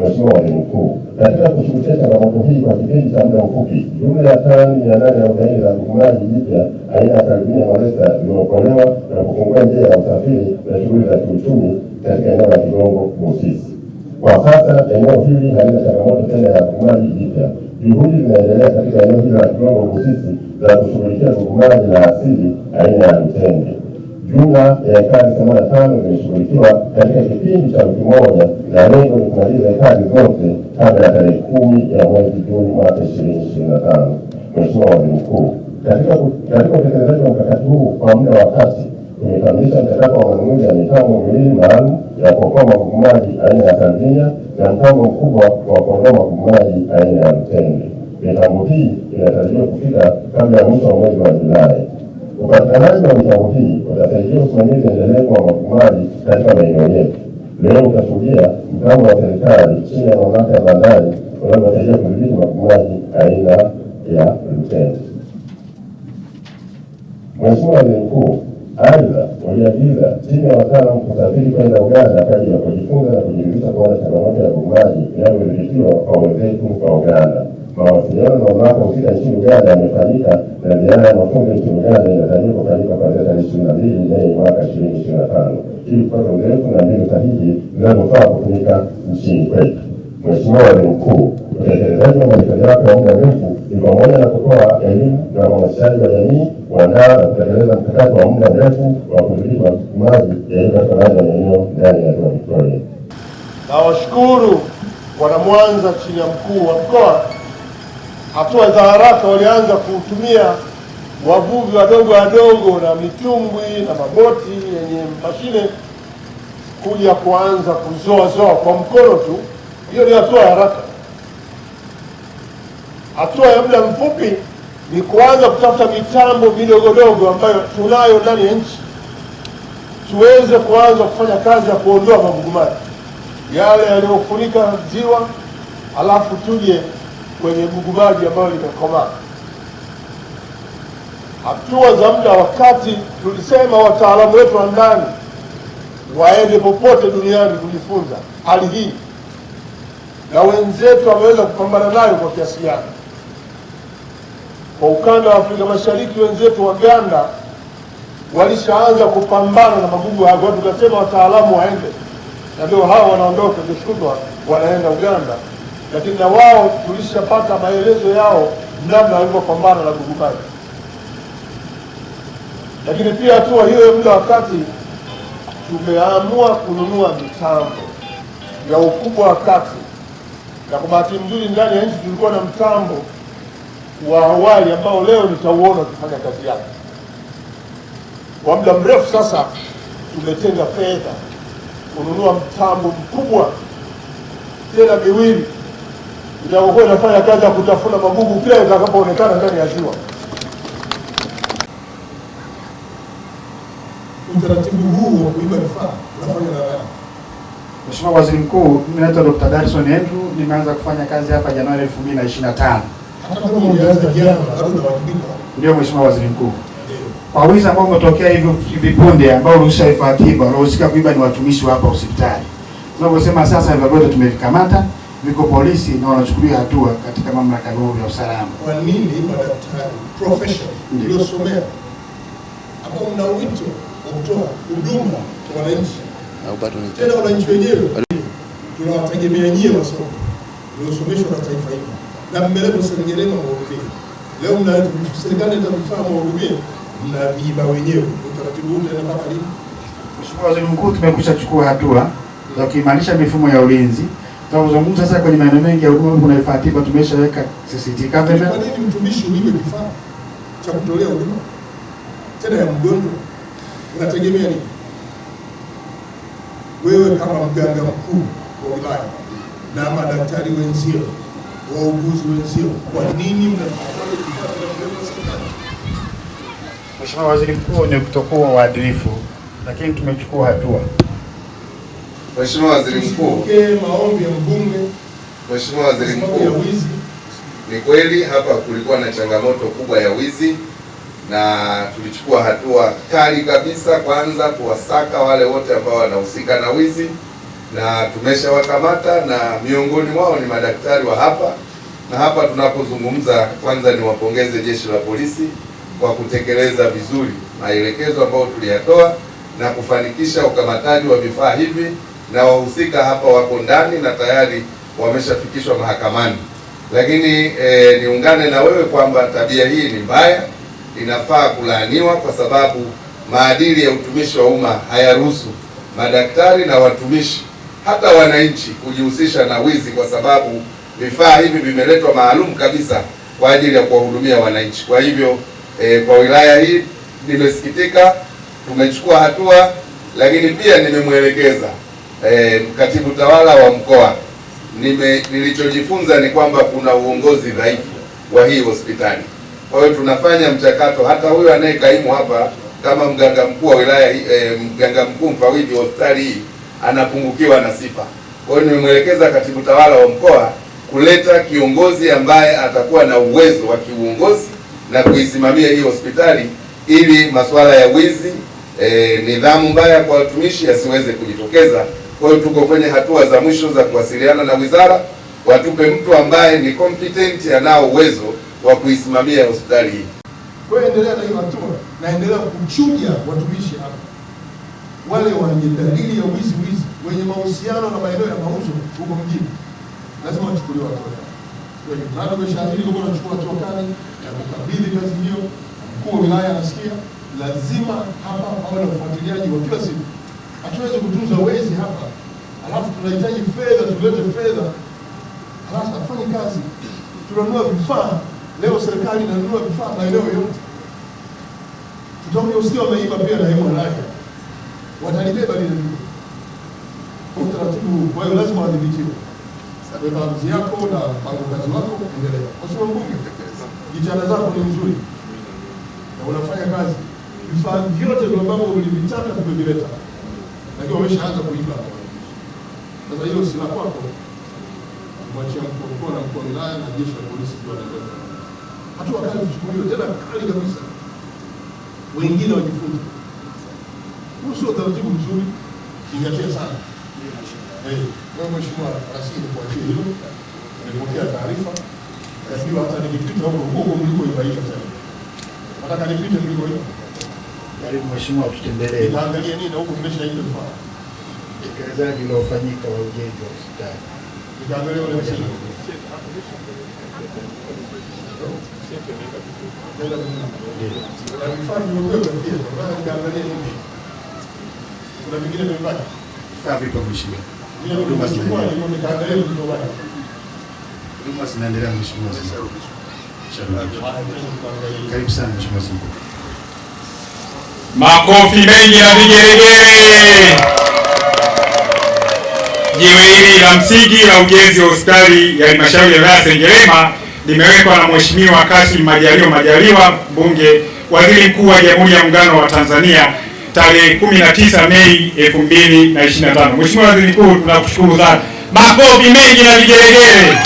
Mheshimiwa Waziri Mkuu, katika kushughulikia changamoto hii kwa kipindi cha muda mfupi, jumla ya tani mia nane arobaini za gugumaji jipya aina ya taribia malesa limeokolewa na kufungua njia ya usafiri na shughuli za kiuchumi katika eneo la Kigongo Busisi. Kwa sasa eneo hili halina changamoto tena ya gugumaji jipya. Juhudi zinaendelea katika eneo hili la Kigongo Busisi za kushughulikia gugumaji na asili aina ya mtende jumla eh, ya hekari themanini na tano zimeshughulikiwa katika kipindi cha wiki moja, na lengo ni kumaliza ekari zote kabla ya tarehe kumi ya mwezi Juni mwaka ishirini ishirini na tano. Mheshimiwa Waziri Mkuu, katika utekelezaji wa mkakati huu kwa muda wa kati imekamilisha mchakato wa manunuzi ya mitambo miwili maalum ya kuokoa magugumaji aina ya Tanzania na mtambo mkubwa wa kuondoa magugumaji aina ya Mtenge. Mitambo hii inatarajiwa kufika kabla ya mwisho wa mwezi wa Julai. Upatikanaji wa michango hii utasaidia usimamizi endelevu wa magumaji katika maeneo yetu. Leo utashuhudia mpango wa serikali chini ya mamlaka ya bandari unaosaidia kudhibiti magumaji aina ya Lutein. Mheshimiwa Waziri Mkuu, aidha uliagiza timu ya wataalamu kusafiri kwenda Uganda kwa ajili ya kujifunza na kujiridhisha kuona changamoto ya gumaji inavyodhibitiwa kwa wenzetu wa Uganda mawasiliano na mwaka husika nchini Uganda yamefanyika na ziara ya mafunzo nchini Uganda inatarajiwa kufanyika kuanzia tarehe ishirini na mbili Mei mwaka ishirini ishirini na tano ili kupata uzoefu na mbinu sahihi zinazofaa kutumika nchini kwetu. Mheshimiwa Waziri Mkuu, utekelezaji wa mahitaji yako ya muda mrefu ni pamoja na kutoa elimu na uhamasishaji wa jamii, kuandaa na kutekeleza mkakati wa muda mrefu wa kudhibiti maji yaliyopatikanayo na maeneo ndani ya ziwa Victoria. Nawashukuru Wanamwanza chini ya mkuu wa mkoa hatua za haraka walianza kutumia wavuvi wadogo wadogo na mitumbwi na maboti yenye mashine kuja kuanza kuzoazoa kwa mkono tu. Hiyo ni hatua ya haraka. Hatua ya muda mfupi ni kuanza kutafuta mitambo midogodogo ambayo tunayo ndani ya nchi, tuweze kuanza kufanya kazi ya kuondoa magugumaji yale yaliyofunika ziwa, alafu tuje kwenye gugumaji ambayo limekomaa. Hatua za muda wakati tulisema wataalamu wetu wa ndani waende popote duniani kujifunza hali hii, na wenzetu wameweza kupambana nayo kwa kiasi gani. Kwa ukanda wa Afrika Mashariki, wenzetu Waganda walishaanza kupambana na magugu hayo, tukasema wataalamu waende, na ndio hawa wanaondoka kesho wanaenda Uganda lakini na wao tulishapata maelezo yao namna walivyopambana na Nguvu Kazi. Lakini pia hatua hiyo muda wakati tumeamua kununua mitambo ya ukubwa wa kati, na kwa bahati nzuri ndani ya nchi tulikuwa na mtambo wa awali ambao leo nitauona ukifanya kazi yake kwa muda mrefu. Sasa tumetenga fedha kununua mtambo mkubwa tena miwili itakokuwa inafanya kazi ya kutafuna magugu pia itakapoonekana ndani ya ziwa. Utaratibu huu wa kuiba vifaa unafanywa na nani? Mheshimiwa Waziri Mkuu, mimi naitwa Dr. Darison Andrew, nimeanza kufanya kazi hapa Januari 2025. Hata kama umeanza jana, hakuna wajibika. Ndio Mheshimiwa Waziri Mkuu. Kwa wizi ambao umetokea hivyo hivi punde ambao ruhusa ya vifaa tiba waliohusika kuiba ni watumishi hapa hospitali. Tunaposema sasa hivyo vyote tumevikamata niko polisi na wanachukulia hatua katika mamlaka huru ya usalama. Kwa nini madaktari profession iliyosomea ambao mna wito wa kutoa huduma kwa wananchi, na ni tena wananchi wenyewe tunawategemea nyie, wasomi mliosomeshwa na taifa hili na mmeleta Sengerema mwahudumia. Leo mna serikali itakufaa mna viba wenyewe. Utaratibu ule na mpaka lini? Mheshimiwa Waziri Mkuu, tumekwisha chukua hatua za kuimarisha mifumo ya ulinzi tunazungumza sasa kwenye maeneo mengi ya huduma kuna vifaa tiba, tumeshaweka CCT cabinet. Kwa nini mtumishi uliwe kifaa cha kutolea huduma tena ya mgonjwa? Unategemea nini wewe kama mganga mkuu wa wilaya na madaktari wenzio, wauguzi wenzio? Kwa nini Mheshimiwa Waziri Mkuu, ni kutokuwa waadilifu, lakini tumechukua hatua Mheshimiwa Waziri Mkuu, maombi ya mbunge. Mheshimiwa Waziri Mkuu, ni kweli hapa kulikuwa na changamoto kubwa ya wizi na tulichukua hatua kali kabisa, kwanza kuwasaka wale wote ambao wanahusika na wizi na tumeshawakamata na miongoni mwao ni madaktari wa hapa na hapa tunapozungumza. Kwanza niwapongeze jeshi la polisi kwa kutekeleza vizuri maelekezo ambayo tuliyatoa na kufanikisha ukamataji wa vifaa hivi na wahusika hapa wako ndani na tayari wameshafikishwa mahakamani. Lakini e, niungane na wewe kwamba tabia hii ni mbaya, inafaa kulaaniwa kwa sababu maadili ya utumishi wa umma hayaruhusu madaktari na watumishi hata wananchi kujihusisha na wizi, kwa sababu vifaa hivi vimeletwa maalum kabisa kwa ajili ya kuwahudumia wananchi. Kwa hivyo e, kwa wilaya hii nimesikitika, tumechukua hatua, lakini pia nimemwelekeza eh, katibu tawala wa mkoa, nime nilichojifunza ni kwamba kuna uongozi dhaifu wa hii hospitali. Kwa hiyo tunafanya mchakato, hata huyo anayekaimu hapa kama mganga mkuu wa wilaya eh, mganga mkuu mfawidhi wa hospitali hii anapungukiwa na sifa. Kwa hiyo nimemwelekeza katibu tawala wa mkoa kuleta kiongozi ambaye atakuwa na uwezo wa kiuongozi na kuisimamia hii hospitali ili masuala ya wizi, eh, nidhamu mbaya kwa watumishi yasiweze kujitokeza. Kwa hiyo tuko kwenye hatua za mwisho za kuwasiliana na wizara watupe mtu ambaye ni competent, anao uwezo wa kuisimamia hospitali hii. Kwa hiyo endelea na hiyo hatua, naendelea kuchuja watumishi hapa wale wenye dalili ya wizi wizi, wenye mahusiano na maeneo ya mauzo huko mjini, lazima wachukuliwe hatua. Bado umeshaahidi kuwa unachukua hatua kali ya kukabidhi kazi hiyo, mkuu wa wilaya anasikia, lazima hapa pawe na ufuatiliaji wa kila siku. Hatuwezi kutunza wezi hapa, alafu tunahitaji fedha, tulete fedha, alafu afanye kazi. Tunanunua vifaa leo, serikali inanunua vifaa maeneo yote. Tutakuja usikia wameiba pia na hema lake, watalibeba lile lile. Kwa utaratibu, kwa hiyo lazima wadhibitiwe. Weka yako na pango kazi wako, endelea. Mheshimiwa Mbunge, jitihada zako ni nzuri na unafanya kazi, vifaa vyote ambavyo ulivitaka tumevileta wakiwa wameshaanza kuiba. Sasa hilo si la kwako, mwachia mkuu wa mkoa na mkuu wa wilaya na jeshi la polisi. Hatua kali zichukuliwe, tena kali kabisa, wengine wajifunze. Huu sio utaratibu mzuri, zingatia sana. Mheshimiwa Rasii, nikuachie hilo, nimepokea taarifa najua hata nikipita huko huko mlikoibaisha tena, nataka nipite mlikoiba karibu mheshimiwa, tutembelee niangalie nini huko nimeshajua kufanya utekelezaji uliofanyika wa ujenzi wa hospitali niangalie ule msingi kuna vingine vimepata vifaa vipo mheshimiwa, huduma zinaendelea mheshimiwa. Karibu sana mheshimiwa. Makofi mengi na vigeregere. Jiwe hili la msingi la ujenzi wa hospitali ya halmashauri ya wilaya Sengerema limewekwa na Mheshimiwa Kassim Majaliwa Majaliwa, mbunge, waziri mkuu wa Jamhuri ya Muungano wa Tanzania tarehe 19 Mei 2025. Mheshimiwa Waziri Mkuu, tunakushukuru sana. Makofi mengi na vigeregere.